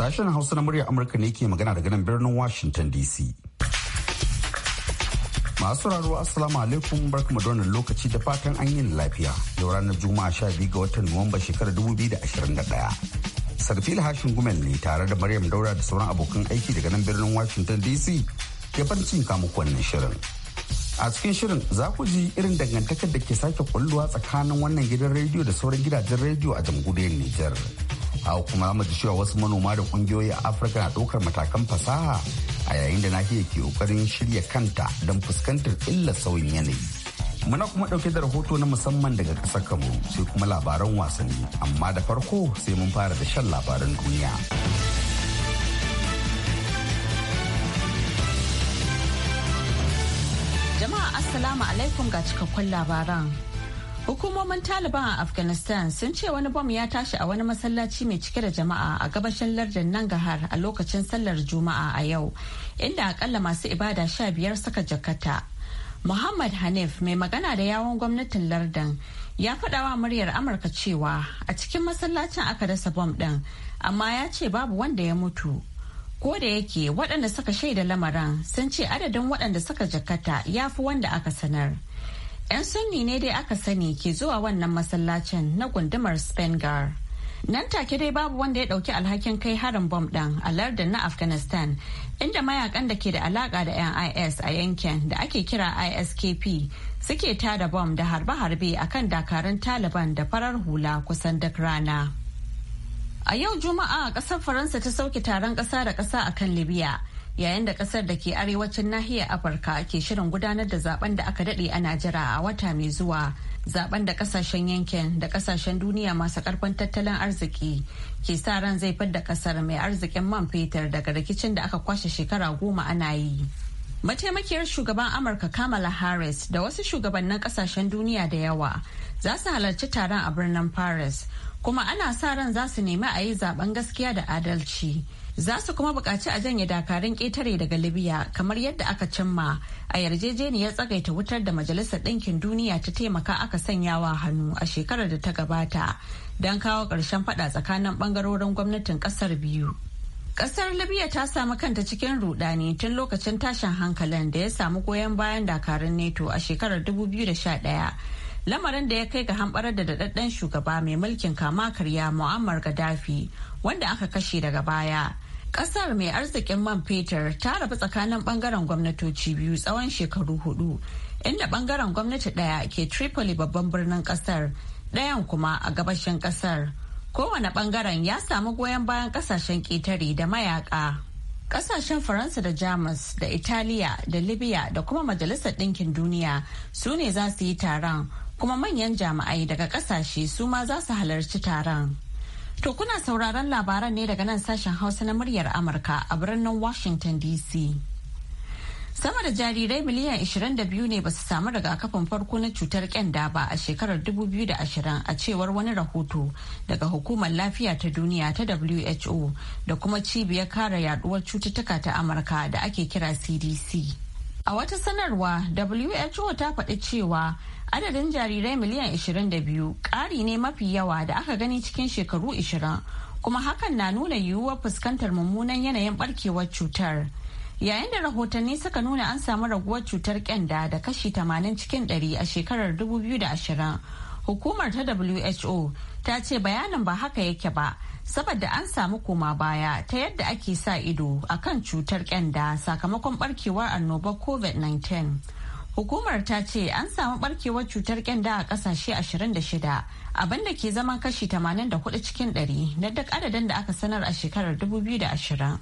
Sashen Hausa na muryar Amurka ne ke magana daga nan birnin Washington DC. Masu raro Assalamu alaikum barkamu da wannan lokaci da fatan an yin lafiya. Yau ranar Juma'a 12 ga watan Nuwamba shekarar 2021. Sarfil Hashin Gumel ne tare da Maryam Daura da sauran abokan aiki daga nan birnin Washington DC ke farcin cin wannan shirin. A cikin shirin za ku ji irin dangantakar da ke sake kwalluwa tsakanin wannan gidan rediyo da sauran gidajen rediyo a jamhuriyar Nijar. hau kuma mu cewa wasu manoma da kungiyoyi a afirka na ɗaukar matakan fasaha a yayin da nahiyar ke ƙoƙarin shirya kanta don fuskantar illar sauyin yanayi muna kuma ɗauke da rahoto na musamman daga ƙasar kamaru sai kuma labaran wasanni amma da farko sai mun fara da shan labaran duniya jama'a assalamu alaikum ga cikakkun labaran Hukumomin Taliban a Afghanistan sun ce wani bom ya tashi a wani masallaci mai cike da jama'a a gabashin lardin Nangarhar a lokacin sallar Juma'a a yau, inda akalla masu ibada sha biyar suka jakata. Muhammad Hanif mai magana da yawon gwamnatin lardin ya faɗawa muryar Amurka cewa a cikin masallacin aka dasa bom ɗin, amma ya ce babu wanda ya mutu. Ko da yake waɗanda suka shaida lamarin sun ce adadin waɗanda suka jakata ya fi wanda aka sanar. 'Yan sunni ne dai aka sani ke zuwa wannan masallacin na gundumar Spengar. Nan take dai babu wanda ya dauki alhakin kai harin bom ɗin a lardin na Afghanistan inda mayakan da ke da alaka da 'yan IS a yankin da ake kira ISKP suke tada bom da harbe-harbe a kan dakarun Taliban da farar hula kusan duk rana. A yau Juma'a kasar Faransa ta sauke taron kasa da kasa akan Libya yayin da kasar da ke arewacin nahiyar afirka ke shirin gudanar da zaben da aka dade a jira a wata mai zuwa zaben da kasashen yankin da kasashen duniya masu karfin tattalin arziki ke sa ran zai fidda kasar mai arzikin man fetur daga rikicin da aka kwashe shekara goma ana yi mataimakiyar shugaban amurka kamala harris da wasu shugabannin kasashen duniya da yawa za su halarci taron a birnin paris kuma ana sa ran za su nemi a yi zaben gaskiya da adalci za su kuma bukaci a janye dakarun ƙetare daga libya kamar yadda aka cimma a yarjejeniyar tsagaita wutar da majalisar ɗinkin duniya ta taimaka aka sanyawa hannu a shekarar da ta gabata don kawo ƙarshen faɗa tsakanin ɓangarorin gwamnatin ƙasar biyu Ƙasar Libya ta samu kanta cikin rudani tun lokacin tashin hankalin da ya samu goyon bayan dakarun NETO a shekarar dubu biyu da sha ɗaya Lamarin da ya kai ga hamɓarar da daɗaɗɗen shugaba mai mulkin kama karya Muammar Gaddafi wanda aka kashe daga baya. Ƙasar mai arzikin man fetur ta rabu tsakanin bangaren gwamnatoci biyu tsawon shekaru hudu, inda bangaren gwamnati daya ke Tripoli babban birnin Ƙasar-ɗayan kuma a gabashin ƙasar, Kowane bangaren ya samu goyon bayan ƙasashen ƙetare da mayaƙa. Ƙasashen Faransa da Jamus da Italiya da Libya da kuma Majalisar Ɗinkin Duniya su ne za su yi taron, kuma manyan jami'ai daga ƙasashe su ma za su halarci taron. To kuna sauraron labaran ne daga nan sashen Hausa na muryar Amurka a birnin Washington DC. Sama da jarirai miliyan 22 ne ba su samu rigakafin farko na cutar kyanda ba a shekarar 2020 a cewar wani rahoto daga hukumar lafiya ta duniya ta WHO da kuma cibiyar kare yaduwar cututtuka ta Amurka da ake kira CDC. A wata sanarwa WHO ta faɗi cewa adadin jarirai miliyan 22 ƙari ne mafi yawa da aka gani cikin shekaru 20 kuma hakan na nuna yiwuwar fuskantar mummunan yanayin barkewar cutar. Yayin da rahotanni suka nuna an samu raguwar cutar kyanda da kashi 80 cikin 100 a shekarar 2020, hukumar ta WHO ta ce bayanin ba haka yake ba saboda an samu koma baya ta yadda ake sa ido a kan cutar kyanda sakamakon barkewar annobar covid-19 hukumar ta ce an samu barkewar cutar kyanda a kasashe 26 abinda ke zaman kashi 84 cikin 100 na duk adadin da aka sanar a shekarar 2020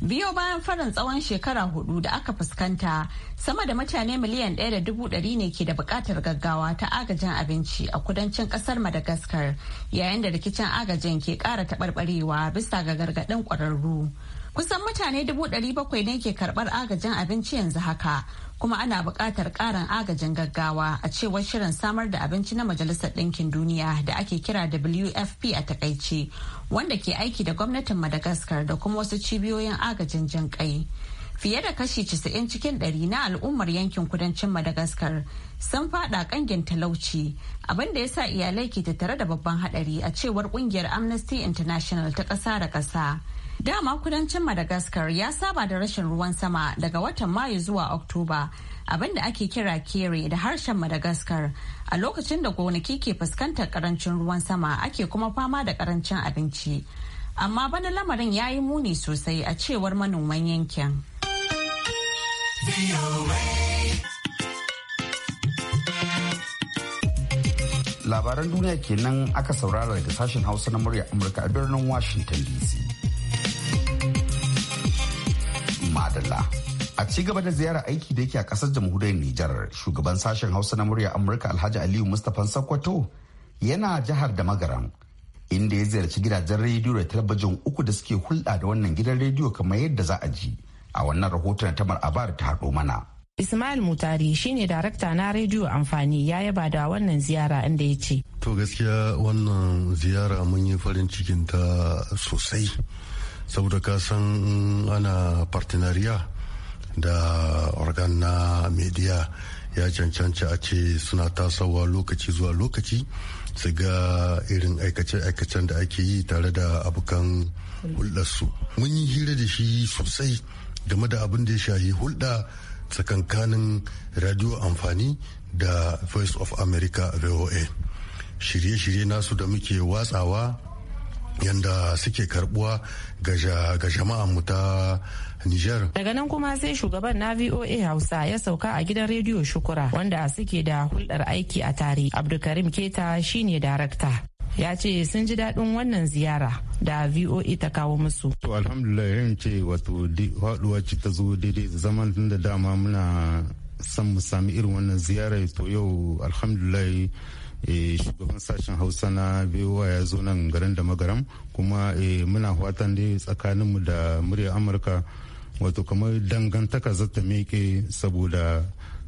biyo bayan farin tsawon shekara hudu da aka fuskanta sama da mutane miliyan ɗaya da dubu ɗari ne ke da buƙatar gaggawa ta agajin abinci a kudancin ƙasar madagaskar yayin da rikicin agajin ke ƙara taɓarɓarewa bisa ga gargaɗin ƙwararru Kusan mutane dubu ɗari bakwai ne ke karɓar agajin abinci yanzu haka, kuma ana bukatar ƙarin agajin gaggawa a cewar shirin samar da abinci na Majalisar Ɗinkin Duniya da ake kira WFP a takaice, wanda ke aiki da gwamnatin Madagascar da kuma wasu cibiyoyin agajin jin ƙai. fiye da kashi 90 cikin ɗari na al'ummar yankin kudancin Madagascar sun fada kangin talauci abin da ya sa iyalai ke tattare da babban hadari a cewar kungiyar Amnesty International ta ƙasa da ƙasa. Dama kudancin Madagascar ya saba da rashin ruwan sama daga watan Mayu zuwa Oktoba, abinda ake kira kere da harshen Madagascar. A lokacin da gonaki ke fuskantar karancin ruwan sama ake kuma fama da karancin abinci. Amma bana lamarin ya yi muni sosai a cewar manoman yankin. Labaran duniya kenan aka saurara daga sashen Hausa na murya Amurka a birnin Washington DC. Abdullah. A ci gaba da ziyara aiki da yake a kasar jamhuriyar Nijar, shugaban sashen Hausa na murya Amurka Alhaji Aliyu Mustapha Sokoto yana jihar da magaran inda ya ziyarci gidajen rediyo da talabijin uku da suke hulɗa da wannan gidan rediyo kamar yadda za a ji a wannan rahoton tamar abar ta haɗo mana. Ismail Mutari shine darakta na rediyo amfani ya yaba da wannan ziyara inda ya ce. To gaskiya wannan ziyara mun yi farin cikin ta sosai saboda ka san ana partenariya da organ na media ya cancanci a ce suna tasawa lokaci zuwa lokaci su ga irin aikace-aikacen da ake yi tare da abokan hulɗarsu. Mun yi hira da shi sosai game da abin da ya shahi hulɗa tsakankanin radio amfani da voice of america voa shirye-shirye nasu da muke watsawa yanda suke karbuwa ga jama'an mu ta Nijar. Daga nan kuma sai shugaban na VOA Hausa ya sauka a gidan rediyo Shukura wanda suke da hulɗar aiki a tare. Abdulkarim Keta shine darakta. ya ce sun ji daɗin wannan ziyara da voa ta kawo musu. to alhamdulillah yin ce wato haɗuwa ce ta zo daidai zaman tun da dama muna sami irin wannan ziyara to yau alhamdulillah Eh, shugaban sashen hausa na biyuwa ya zo nan garin da magaram kuma eh, muna fatan dai tsakaninmu da murya amurka wato kamar dangantaka zata miƙe saboda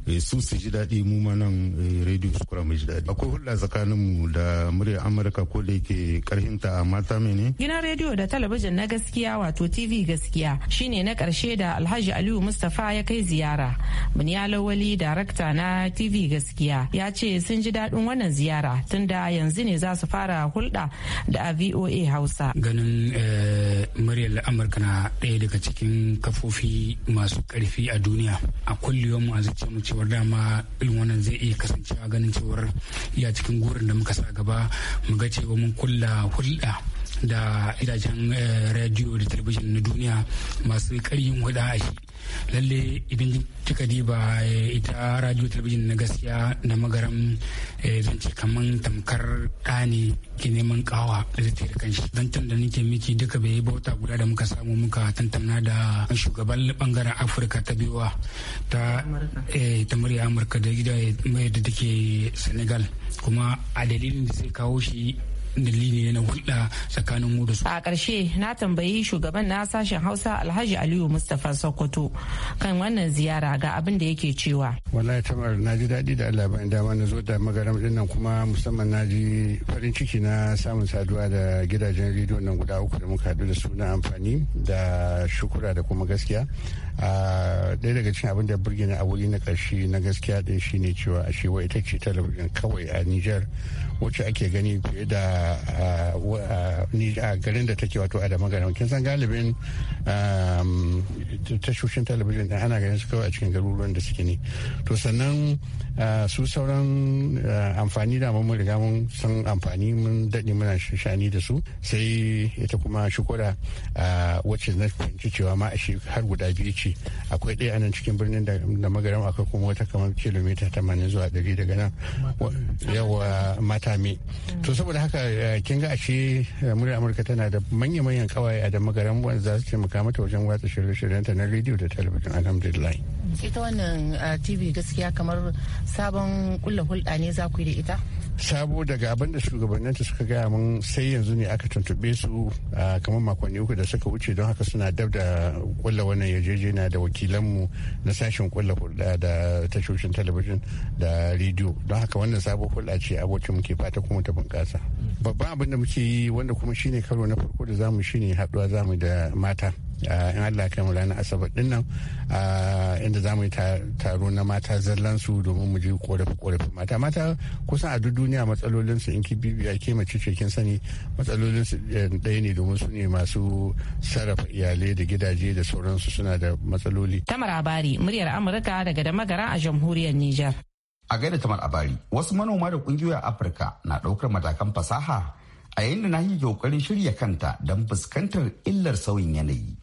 Eh, su su ji daɗi mu ma nan eh, radio su kura mu ji daɗi akwai hulɗa tsakanin mu da murya amurka ko da yake ta a mata mene gina rediyo da talabijin na gaskiya wato tv gaskiya shine na ƙarshe da alhaji aliyu mustapha ya kai ziyara buniya lawali darakta na tv gaskiya ya ce sun ji daɗin wannan ziyara tunda yanzu ne za su fara hulɗa da a voa hausa ganin eh, muryar amurka na ɗaya daga cikin kafofi masu ƙarfi a duniya a kullum a zuciya mu cewar dama irin wannan zai iya kasancewa ganin cewar ya cikin gurin da muka sa gaba mu ga cewa mun kulla hulɗa da gidajen eh, rediyo da talabijin na duniya masu karyin hulɗa a shi lalle idan kika diba eh, ita radio talabijin na gaskiya da magaram eh, zan ce kaman tamkar ɗani ki ke neman kawa da zai tere kanshi don can da nake miki duka bai yi bauta guda da muka samu muka tantamna da shugaban bangaren afirka ta biyuwa eh, ta murya amurka da gida mai da take senegal kuma a dalilin da zai kawo shi dalili ne na hulɗa tsakanin mu da su. A ƙarshe na tambayi shugaban na sashen Hausa Alhaji Aliyu Mustapha Sokoto kan wannan ziyara ga abin da yake cewa. Wallahi tamar na ji daɗi da Allah bayan dama na zo da magaram ɗin nan kuma musamman na ji farin ciki na samun saduwa da gidajen rediyo nan guda uku da muka haɗu da su na amfani da shukura da kuma gaskiya. a ɗaya daga cikin abin da burge a wuri na ƙarshe na gaskiya ɗin shine cewa a shewa ita ce talabijin kawai a Nijar wacce ake gani fiye da a garin da take wato adama garin kin san galibin tashoshin talabijin ɗin ana ganin su kawai a cikin garuruwan da suke ne to sannan su sauran amfani da mun riga mun san amfani mun daɗe muna shani da su sai ita kuma shukura wacce na fahimci cewa ma a har guda biyu ce akwai ɗaya nan cikin birnin da magaram akwai kuma wata kamar kilomita tamanin zuwa ɗari daga nan yawa me. to saboda haka eh, kin ga ashe eh, muryar amurka tana da manya-manyan kawai a da magaram wanda za su taimaka mata wajen watsa shirye-shiryen ta na rediyo da talabijin alhamdulillah ita wannan eh, tv gaskiya kamar sabon kulla hulɗa ne za ku yi da ita sabo daga abin da shugabanninta suka gaya mun sai yanzu ne aka tuntube su a kamar makonni uku da suka wuce don haka suna dab da kulla wannan yarjejeniya da wakilanmu na sashen kulla hulɗa da tashoshin talabijin da rediyo don haka wannan sabo hulɗa ce abokin muke fata kuma ta bunƙasa babban abin da muke yi wanda kuma shine karo na farko da zamu shine haɗuwa zamu da mata Eh, in allah kai mu ranar asabar din nan eh, inda za mu yi taro na mata zallan su domin mu ji korafi korafi mata mata kusan a duk duniya matsalolin su in ki bibiya ke mace ce kin sani matsalolin su eh, ɗaya ne domin su ne masu sarrafa iyalai da gidaje da sauransu suna da matsaloli tamar abari muryar amurka daga da magara a jamhuriyar Nijar. a gaida tamar abari wasu manoma da kungiyoyin afirka na ɗaukar matakan fasaha a yayin da na yi kokarin shirya kanta don fuskantar illar sauyin yanayi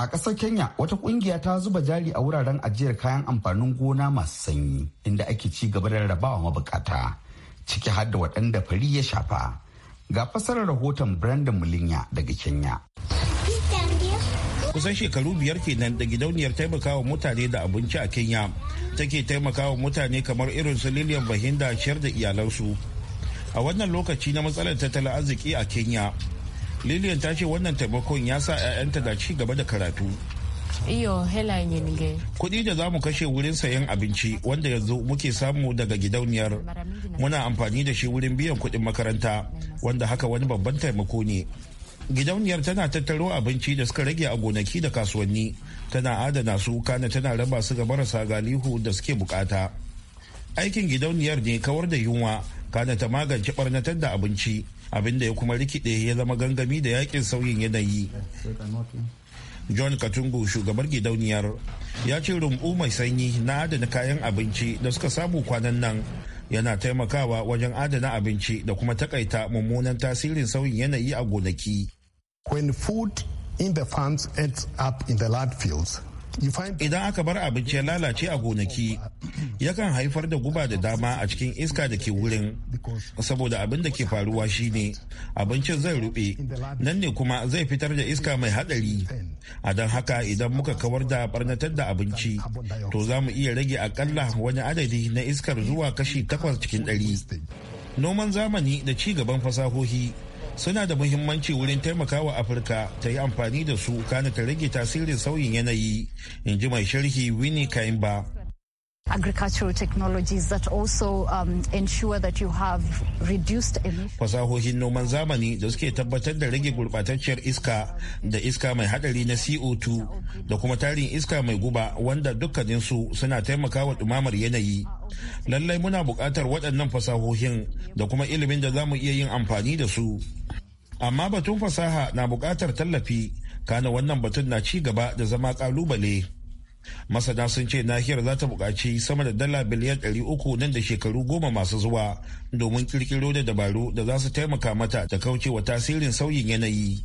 A ƙasar Kenya wata ƙungiya ta zuba jari a wuraren ajiyar kayan amfanin gona masu sanyi inda ake ci gaba da rarrabawa mabukata ciki har da waɗanda fari ya shafa. Ga fasarar rahoton Brandon Mulinya daga Kenya. Kusan shekaru biyar kenan da gidauniyar taimakawa mutane da abinci a Kenya take taimakawa mutane kamar irin su Lillian Bahinda ciyar da iyalansu. A wannan lokaci na matsalar tattalin arziki a Kenya, lilian ta ce wannan taimakon ya sa 'ya'yanta da ci gaba da karatu iyo hela kuɗi da za mu kashe wurin sayan abinci wanda yanzu muke samu daga gidauniyar muna amfani da shi wurin biyan kuɗin makaranta wanda haka wani babban taimako ne gidauniyar tana tattaro abinci da suka rage a gonaki da kasuwanni tana adana su kana tana raba su ga marasa galihu da suke bukata aikin gidauniyar ne kawar da yunwa kana ta magance barnatar da abinci abin da ya kuma rikide ya zama gangami da yakin sauyin yanayi john katungu shugabar gidauniyar ya ce rumbu mai sanyi na adana kayan abinci da suka samu kwanan nan yana taimakawa wajen adana abinci da kuma takaita mummunan tasirin sauyin yanayi a gonaki when food in the farms ends up in the landfills Idan aka bar abinci ya lalace a gonaki, yakan haifar da guba da dama a cikin iska da ke wurin. Saboda abin da ke faruwa shi ne abincin zai rube, nan ne kuma zai fitar da iska mai hadari. A don haka idan muka kawar da barnatar da abinci, to za mu iya rage akalla wani adadi na iskar zuwa kashi takwas cikin ɗari. Noman zamani da ci gaban fasahohi suna da muhimmanci wurin taimakawa afirka ta yi amfani da su kana ta rage tasirin sauyin yanayi in ji mai sharhi winnie kaimba agricultural technologies that also um, ensure that you have reduced emissions. Fasahohin noman zamani da suke tabbatar da rage gurbatacciyar iska da iska mai hadari na CO2 da kuma tarin iska mai guba wanda dukkaninsu suna taimakawa dumamar yanayi. Lallai muna buƙatar waɗannan fasahohin da kuma ilimin da zamu iya yin amfani da su amma batun fasaha na buƙatar tallafi kana wannan batun na ci gaba da zama ƙalubale masana sun ce nahiyar za ta buƙaci sama da dala biliyan uku nan da shekaru goma masu zuwa domin kirkiro da dabaru da za su taimaka mata ta kauce wa tasirin sauyin yanayi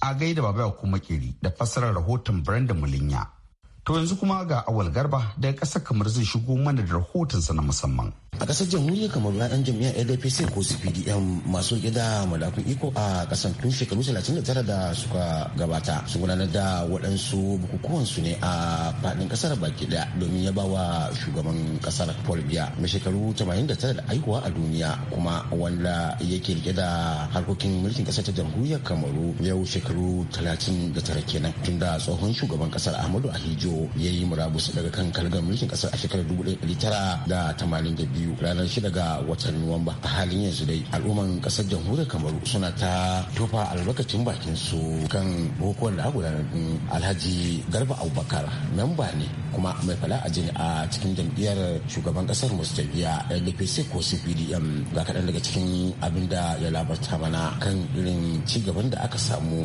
a gaida baba kuma kiri da fassarar rahoton brandon mulinya to yanzu kuma ga awal garba daga ƙasar kamar zai shigo mana da rahotonsa na musamman a kasar jamhuriyar kamar dan jami'a ADPC ko cpdm masu gida malakun iko a kasar tun shekaru 39 da suka gabata su gudanar da waɗansu bukukuwan su ne a faɗin kasar baki daya domin ya bawa shugaban kasar paul biya mai shekaru 89 da aikuwa a duniya kuma wanda yake rike da harkokin mulkin kasar ta jamhuriyar kamaru yau shekaru 39 kenan tun da tsohon shugaban kasar ahmadu ahijo ya yi murabus daga kan kalgar mulkin kasar a shekarar 1982 biyu ranar shida ga watan nuwamba a halin yanzu dai al'umman kasar jamhuriyar kamaru suna ta tofa albarkacin bakin su kan bukukuwan da gudanar alhaji garba abubakar memba ne kuma mai fala a jini a cikin jam'iyyar shugaban kasar mustabiya ndpc ko cpdm ga kaɗan daga cikin abin da ya labarta mana kan irin ci gaban da aka samu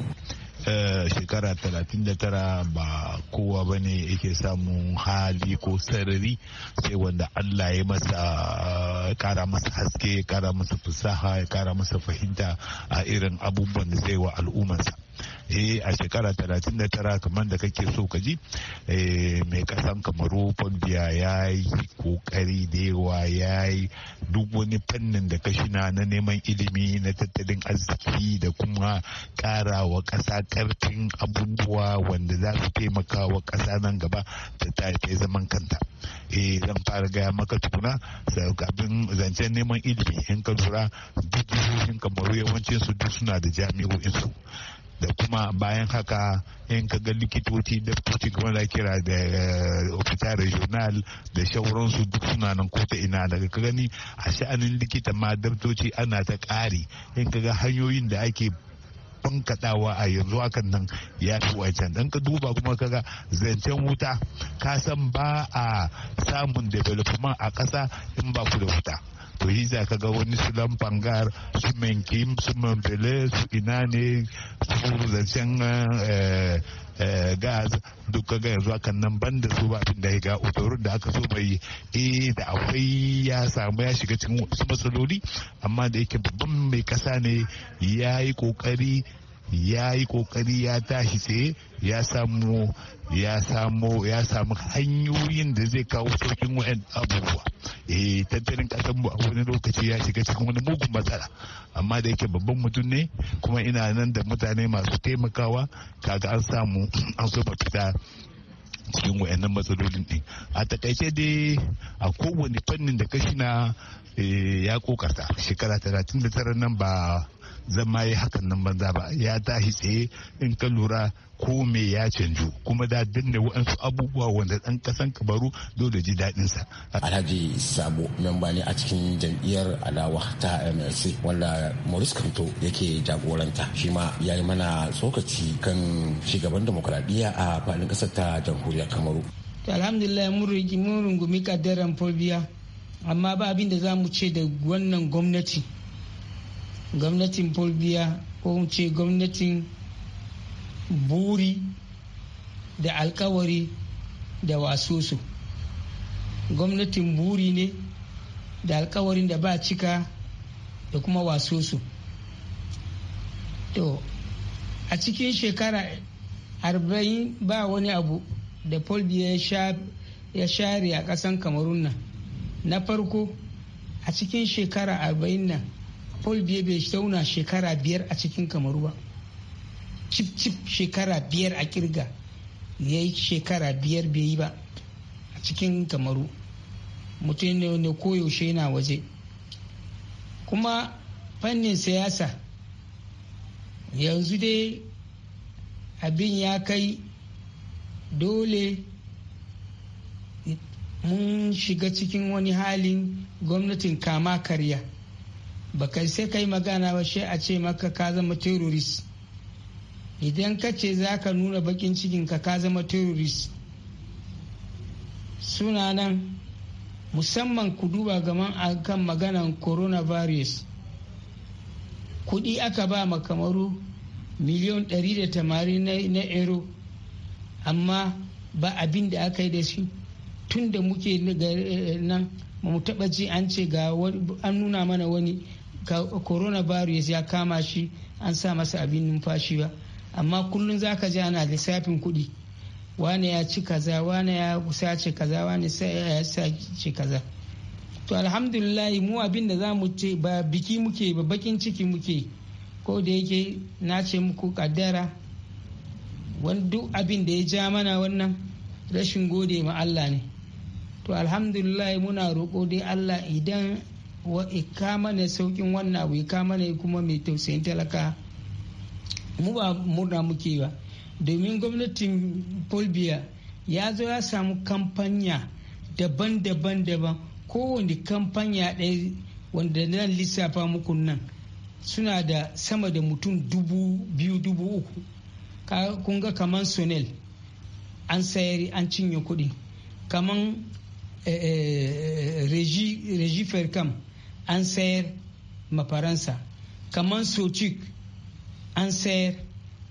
Eh, shekara 39 ba kowa ba ne yake samun hali ko sarari sai wanda allah ya masa eh, kara masa haske ya kara masa fasaha ya kara masa fahimta a irin abubuwan da zai wa al'ummarsa eh a shekara 39 kamar da kake so ka ji eh, mai kasan kamaru fabia ya yi kokari da yawa ya yi duk wani fannin da kashina na neman ilimi na tattalin arziki da kuma kara wa kasa karfin abubuwa wanda za su taimaka wa kasa nan gaba ta ta zaman kanta eh zan fara gaya maka tukuna sai kafin zancen neman ilimi in ka lura duk jihohin kamaru yawancin su duk suna da jami'o'insu. da kuma bayan haka in ka ga likitoci daftoci kuma da kira da ofita eh, regional da shauransu duk suna nan ko ta ina daga ka gani a sha'anin likita ma daftoci ana ta ƙari in ka ga hanyoyin da ake bankaɗawa a yanzu akan nan ya fi wancan dan ka duba kuma ka ga zancen wuta ka san ba a samun development a ƙasa in ba ku da wuta to yi za ka ga wani su lamfangar su menkim su manfele su ina ne su zancen eh, eh, gas duk ga yanzu akan nan ban da su ba abin da ya ga otorun da aka so bai eh da akwai ya samu ya shiga cikin wasu matsaloli amma da yake babban mai kasa ne ya yi kokari ya yi kokari ya tashi tsaye ya samu ya samu ya samu hanyoyin da zai kawo saukin wayan abubuwa eh tattalin kasar mu a wani lokaci ya shiga cikin wani mugun matsala amma da yake babban mutum ne kuma ina nan da mutane masu taimakawa kaga an samu an so mafita cikin nan matsalolin din a takaice dai a kowane fannin da kashi na eh, ya kokarta shekara 39 nan ba zama ya hakan nan banza ba ya tashi tsaye in ka lura ko me ya canju kuma da danne waɗansu abubuwa wanda ɗan ka kabaru dole ji daɗin sa. Alhaji Sabo memba ne a cikin jam'iyyar alawa ta MLC wanda Maurice Kanto yake jagoranta shi ma ya yi mana tsokaci kan shugaban demokuraɗiyya a faɗin kasar ta jamhuriyar Kamaru. Alhamdulillah mun rungumi kaddaran fobiya amma ba abin da za mu ce da wannan gwamnati gwamnatin bolbiya ko ce gwamnatin buri da alkawari da wasosu gwamnatin buri ne da alkawarin da ba cika da kuma wasosu to a cikin shekara arba'in ba wani abu da bolbiya ya share a kasan kamarun nan na farko a cikin shekara arba'in nan paul biya bai zauna shekara biyar a cikin kamaru ba cip cip shekara biyar a kirga ya yi shekara biyar bai yi ba a cikin kamaru mutum ne koyaushe na waje kuma fannin siyasa yanzu dai abin ya kai dole mun shiga cikin wani halin gwamnatin kama karya ba kai sai kai magana ba shi a ce maka ka zama terrorist idan ka ce za ka nuna bakin cikin ka zama terrorist suna nan musamman ku duba gaman a kan maganan coronavirus kudi aka ba ma kamaru miliyon 180 na euro amma ba abin da aka yi da shi tun da muke eh, nan mu ji an ce ga an nuna mana wani corona virus ya kama shi an sa masa abin numfashi ba amma kullum za ka ji ana lissafin kuɗi wane ya ci kaza wane ya sace kaza wane ya sace kaza to alhamdulillah mu abin da za mu ce ba biki muke ba bakin ciki muke ko da yake na ce muku kaddara wani duk abin da ya ja mana wannan rashin gode ma Allah ne to alhamdulillah muna roƙo dai Allah idan ka mana saukin wannan abu ka mana kuma mai tausayin talaka mu ba murna muke ba domin gwamnatin polbia ya zo ya samu kamfanya daban-daban daban kowane kamfanya ɗaya wanda nan lissafa muku nan suna da sama da mutum dubu biyu dubu uku kun ga kaman sonel an sayari an cinye kuɗi kaman eh, eh, regifer kam. an sayar ma faransa kamar sochik an sayar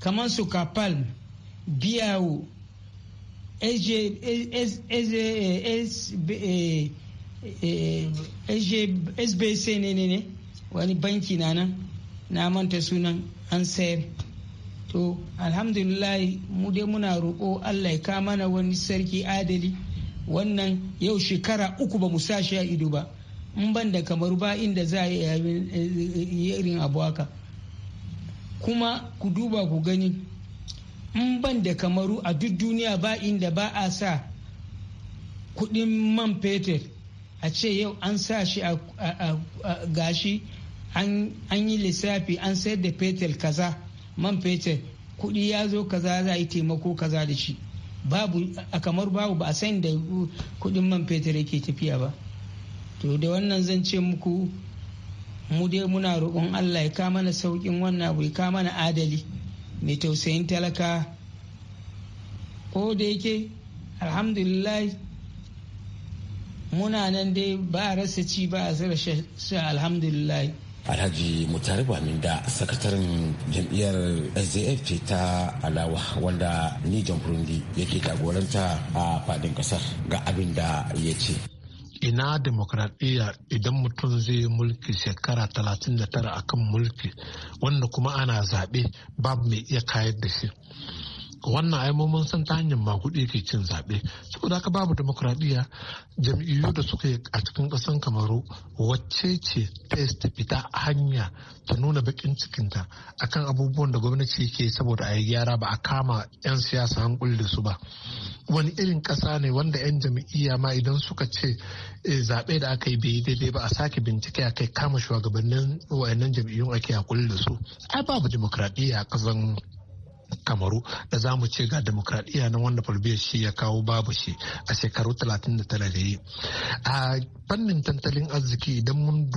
kamar su kapal biyawo sbc eh, eh, ne ne ne wani banki na nan na manta sunan an sayar to alhamdulillahi mu dai muna roƙo allah ya kama na wani sarki adali wannan yau shekara uku ba mu sa shi a ido ba in ban da kamar ba inda za a yi eh, eh, eh, irin abu haka kuma ku duba ku gani in ban da kamaru a duk duniya ba inda ba a sa kudin man fetur a ce yau an sa shi a gashi an yi lissafi an sayar da fetur kaza man fetur kudi ya zo kaza za a yi taimako kaza da shi babu a kamar babu ba a san da uh, kudin man fetur yake tafiya ba to da wannan zan ce muku mu dai muna roƙon allah ya kama mana sauƙin wannan abu ya kama mana adali mai tausayin talaka ko da yake alhamdulillah muna nan dai ba a rasa ci ba a zira sha alhamdulillah alhaji mutari da sakataren jam'iyyar sdf ce ta alawa wanda ni burundi yake jagoranta a fadin kasar ga abin da ya ce ina demokradiyya idan mutum zai yi mulki shekara 39 akan mulki wanda kuma ana zaɓe babu mai iya kayar da shi wannan aimomin mun san ta hanyar maguɗi ke cin zaɓe saboda haka babu demokradiyya jam'iyyu da suka yi a cikin ƙasan kamaru wacce ce ta ta fita hanya ta nuna bakin cikinta akan abubuwan da gwamnati ke saboda a yi gyara ba a kama 'yan siyasa an kulle su ba wani irin ƙasa ne wanda 'yan jam'iyya ma idan suka ce eh, zaɓe da aka yi bai daidai ba a sake bincike a kai kama shugabannin wayannan jam'iyyun ake a kulle su ai babu demokradiyya a ƙasan kamaru da za mu ce ga demokradiyya na wanda falbiyar shi ya kawo babu shi a shekaru 39 da yi a fannin tattalin arziki idan mun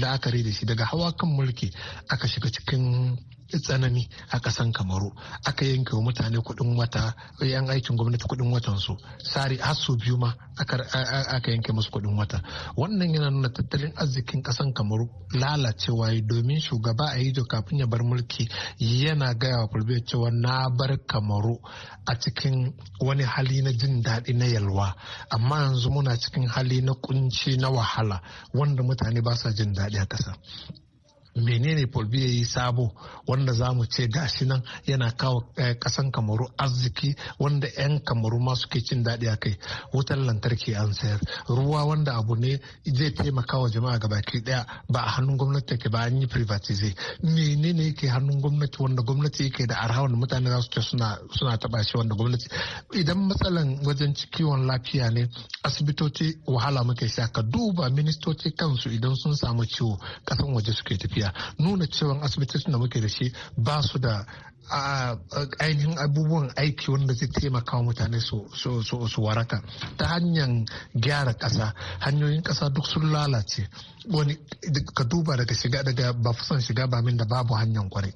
la'akari da shi daga hawa kan mulki aka shiga cikin tsanani a kasan kamaru aka yanke wa mutane kuɗin wata eh, yan aikin gwamnati kuɗin watansu su sari har su biyu ma aka yanke musu kuɗin wata wannan yana nuna tattalin arzikin kasan kamaru lalacewa domin shugaba a yi kafin ya bar mulki yana gaya wa kulbe cewa na bar kamaru a cikin wani hali na jin daɗi na yalwa amma yanzu muna cikin hali na kunci na wahala wanda mutane ba sa jin daɗi a ƙasa menene Paul ya yi sabo wanda za mu ce gashi nan yana kawo kasan eh, kamaru arziki wanda 'yan kamaru masu ke cin daɗi a kai wutar lantarki an sayar ruwa wanda abu ne zai taimaka wa jama'a ga baki daya ba a hannun gwamnati take ba an yi privatize menene yake hannun gwamnati wanda gwamnati yake da arha wanda mutane za su ce suna taɓa taba shi wanda gwamnati idan matsalan wajen kiwon lafiya ne asibitoci wahala muke sha ka duba ministoci kansu idan sun samu ciwo kasan waje suke tafiya nuna cewa asibitocin da muke da shi ba su da ainihin abubuwan aiki wanda zai taimaka wa mutane su waraka ta hanyar gyara ƙasa hanyoyin ƙasa duk sun lalace wani ka duba daga shiga daga ba son shiga ba min da babu hanyar kwarai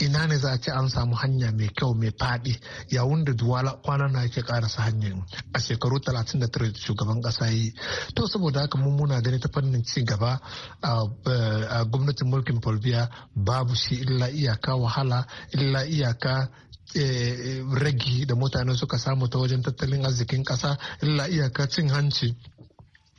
ina ne za a ce an samu hanya mai kyau mai faɗi yawun da duwala kwana na yake karasa hanyar a shekaru 39 shugaban ƙasa yi to saboda haka mun muna gani ta fannin ci gaba a gwamnatin mulkin polbiya babu shi illa iyaka wahala illa iyaka e, ragi da mutane suka samu ta wajen tattalin arzikin ƙasa illa iyaka cin hanci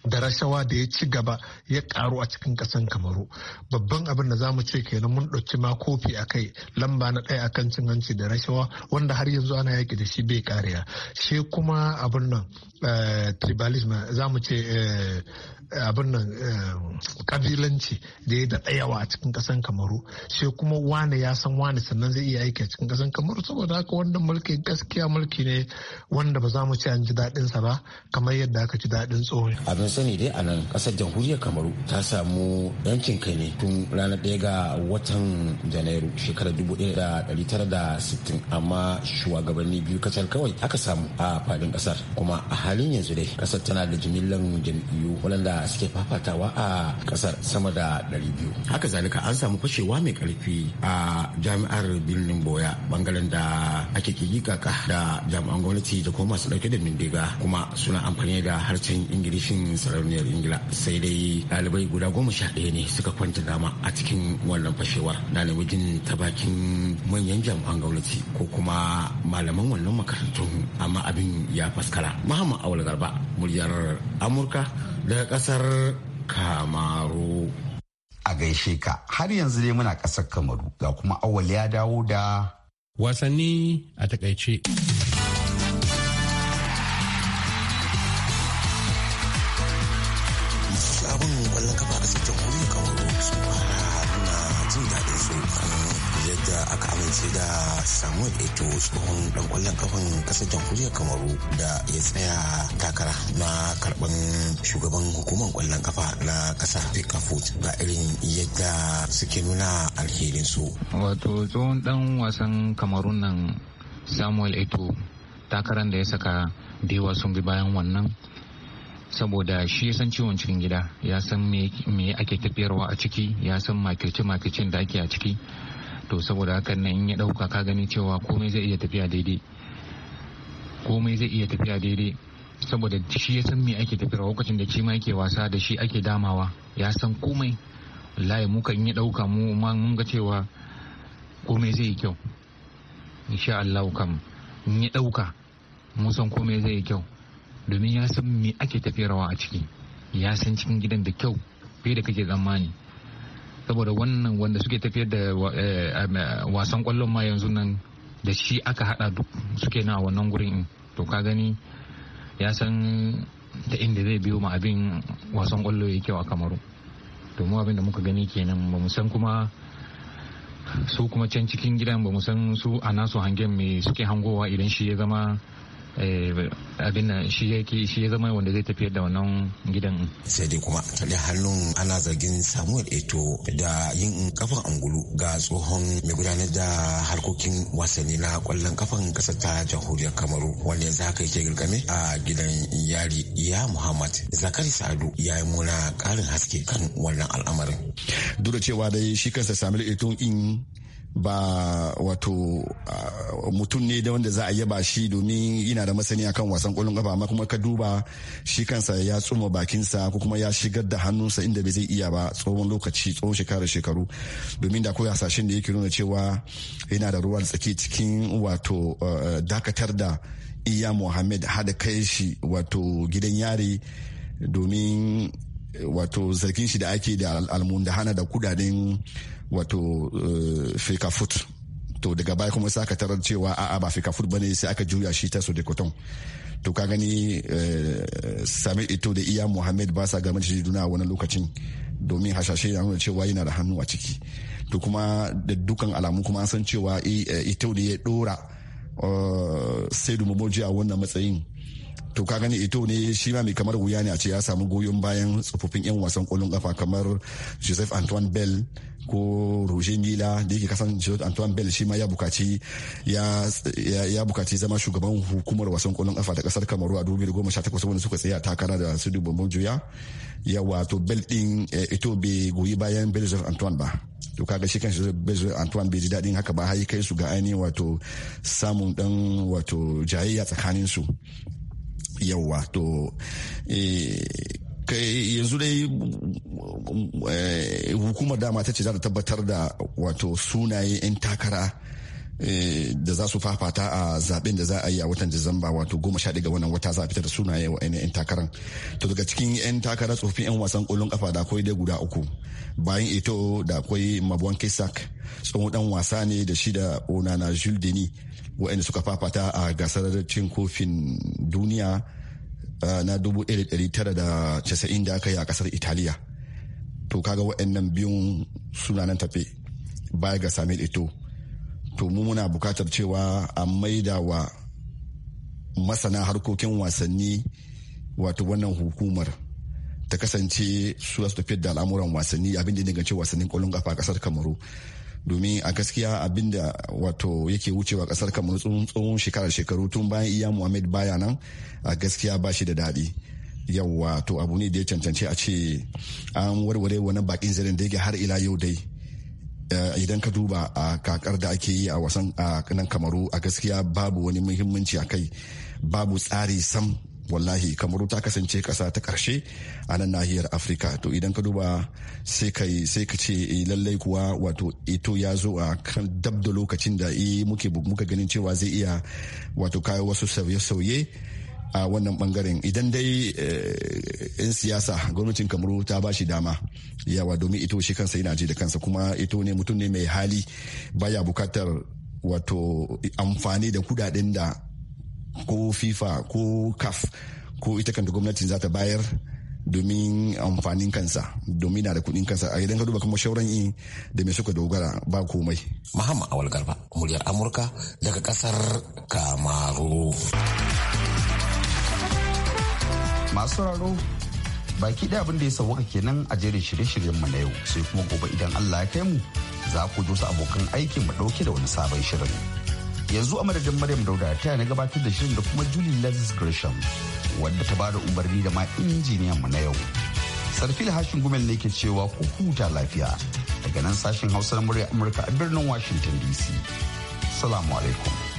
da rashawa da ya ci gaba ya karu a cikin kasan kamaru babban abin da zamu ce kenan mun ɗauki ma kofi a kai lamba na ɗaya akan cin hanci da rashawa wanda har yanzu ana yaki da shi bai kariya shi kuma abin nan eh, tribalism za mu ce eh, Eh, abin nan eh, kabilanci da ya daɗa yawa a cikin ƙasan kamaru sai kuma wane ya san wane sannan zai iya aiki a cikin ƙasan kamaru saboda haka wanda mulki gaskiya mulki ne wanda ba za mu ci an ji daɗin sa ba kamar yadda aka ji daɗin tsohon. abin sani dai a nan ƙasar jamhuriyar kamaru ta samu yankin kai ne tun ranar ɗaya ga watan janairu shekarar dubu ɗaya da ɗari tara da sittin amma shugabanni biyu kacal kawai aka samu a faɗin ƙasar kuma a halin yanzu dai ƙasar tana da jimillan jam'iyyu waɗanda da suke fafatawa a kasar sama da 200 haka zalika an samu fashewa mai karfi a jami'ar birnin boya bangaren da ake kikika da jami'an gwamnati da kuma masu dauke da mindiga. kuma suna amfani da harshen ingilishin sarauniyar ingila sai dai ɗalibai guda goma sha ɗaya ne suka kwanta dama a cikin wannan fashewar na namijin ta bakin manyan jami'an gwamnati ko kuma malaman wannan makarantun amma abin ya faskara muhammad awal garba muryar amurka daga kasar kamaru a gaishe ka har yanzu dai muna kasar kamaru ga kuma awal ya dawo da wasanni a takaice sabon kwallon kafa a cikin jamhuriyar kamaru sun fara na jin daɗin su da aka amince da samuel eto tsohon dan kwallon kafan kasar jamhuriyar kamaru da ya tsaya takara na karban shugaban hukumar kwallon kafa na kasa fika foot ga irin yadda suke nuna su. wato tsohon dan wasan kamarun nan samuel eto takarar da ya saka da yawa sun bi bayan wannan saboda shi ya san ciwon cikin gida ya san me ake tafiyarwa a ciki ya san makirce makircin da ake a ciki to saboda hakan nan in ya dauka ka gani cewa komai zai iya tafiya daidai komai zai iya tafiya daidai saboda shi ya san me ake tafiya lokacin da shi ma yake wasa da shi ake damawa ya san komai wallahi muka in ya dauka mu mun ga cewa komai zai yi kyau insha Allah kam in ya dauka mu san komai zai yi kyau domin ya san me ake tafiyarwa a ciki ya san cikin gidan da kyau fiye da kake tsammani saboda wannan wanda suke tafiyar da eh, wasan kwallon ma yanzu nan da shi aka hada duk suke na wannan gurin to ka gani ya san ta inda zai biyo ma abin wasan kwallo ya kyau a kamaru to mu abin da muka gani kenan ba mu san kuma su kuma can cikin gidan ba mu san su a nasu hangen mai suke hangowa idan shi ya zama Eh, abin nan shi yake shi ya zama wanda zai tafiyar da wannan gidan sai dai kuma tare hannun ana zargin samuel eto da yin kafan angulu ga tsohon mai gudanar da harkokin wasanni na kwallon kafan kasar ta jamhuriyar kamaru wanda yanzu haka yake girkame a gidan yari ya muhammad zakari sa'adu ya yi muna karin haske kan wannan al'amarin duk da cewa dai shi kansa samuel eto in ba wato mutum ne da wanda za a yaba shi domin yana da masani akan wasan kwallon kafa amma kuma ka duba shi kansa ya tsoma bakinsa ko kuma ya shigar da hannunsa inda bai zai iya ba tsohon lokaci tsohon shekara shekaru domin da koya sashen da yake nuna cewa yana da ruwan tsaki cikin wato dakatar da iya muhammad hada kai shi wato gidan yari domin wato zargin shi da ake da hana da kudaden wato fika eh, foot to daga baya kuma sai aka tarar cewa a'a ba fika foot bane sai aka juya shi ta so coton to ka gani eh, sami ito da iya muhammed ba sa game da shi duna wani lokacin domin hashashe ya nuna cewa yana da hannu a ciki to kuma da dukan alamu kuma an san cewa eh, ito da ya dora saidu mamoji a wannan matsayin to ka gani ito ne shi ma mai kamar wuya ne a ce ya samu goyon bayan tsofaffin 'yan wasan kwallon kafa kamar joseph antoine bell ko roger nila da yake kasan joseph antoine bell shi ma ya bukaci ya bukaci zama shugaban hukumar wasan kwallon kafa ta kasar kamaru a 2018 wanda suka tsaya takara da su dubban juya ya wato bell din eh, ito bai goyi bayan bell joseph antoine ba to kaga shi kan Bezos Antoine bai ji daɗin haka ba har kai su ga ainihin wato samun dan wato jayayya tsakanin su yauwa to eh, yanzu dai eh, hukumar dama ta ce za ta tabbatar da wato sunaye 'yan takara eh, da za su fafata a zaben da za a yi a watan Disamba wato goma sha ga wannan wata za a fitar sunaye wa yan takaran To daga cikin yan takara tsofin yan wasan kolon kafa da akwai dai guda uku bayan ito da akwai Mabuwan Kisak tsohon dan wasa ne da shi da Onana Jules Denis waɗanda suka fafata a gasar cin kofin duniya na 1990 da aka yi a kasar italiya to kaga waɗannan biyun suna nan tafe baya ga sami ito to mu muna bukatar cewa a maida wa masana harkokin wasanni wato wannan hukumar ta kasance su su tafiya da al'amuran wasanni abin da ya wasannin kwallon kafa a kasar kamaru domin a gaskiya abinda wato yake wucewa kasar kamar tsohon shekarar shekaru tun bayan iya muhammad baya nan a gaskiya ba shi da daɗi yawwa to abu ne da ya cancanci a ce an warware wani bakin zirin da yake har ila yau dai eh, idan ka duba a kakar da ake yi a wasan a nan kamaru a gaskiya babu wani muhimmanci a kai babu tsari sam wallahi kamaru ta kasance kasa ta karshe a nan nahiyar afirka to idan ka duba sai ka ce eh, lallai kuwa wato ito ya zo a kan dab da lokacin da eh, muke muka ganin cewa zai iya wato kayo wasu sauye-sauye a wannan bangaren idan dai 'yan eh, siyasa gwamnatin kamaru ta ba shi dama yawa domin ito shi kansa yana je da kansa kuma ito ne mutum ne mai hali baya bukatar wato amfani da kudaden da ko fifa ko caf ko ita kanta gwamnatin za ta bayar domin amfanin kansa domin na da kudin kansa a idan ka duba kuma shauran yi da mai suka dogara ba komai. Muhammad Awal Garba, muryar Amurka daga kasar Kamaru. Masu raro baki ɗaya abin da ya sauwaka kenan a jerin shirye-shiryen mu na yau sai kuma gobe idan Allah ya kai mu za ku dosa abokan aikin mu ɗauke da wani sabon shirin. yanzu a madadin maryam dauda ta yana gabatar da shirin da kuma julie lazis gresham wadda ta bada umarni da ma injiniyan mu na yau sarfil hashin gumel ne ke cewa ku huta lafiya daga nan sashen hausa na murya amurka a birnin washington dc salamu alaikum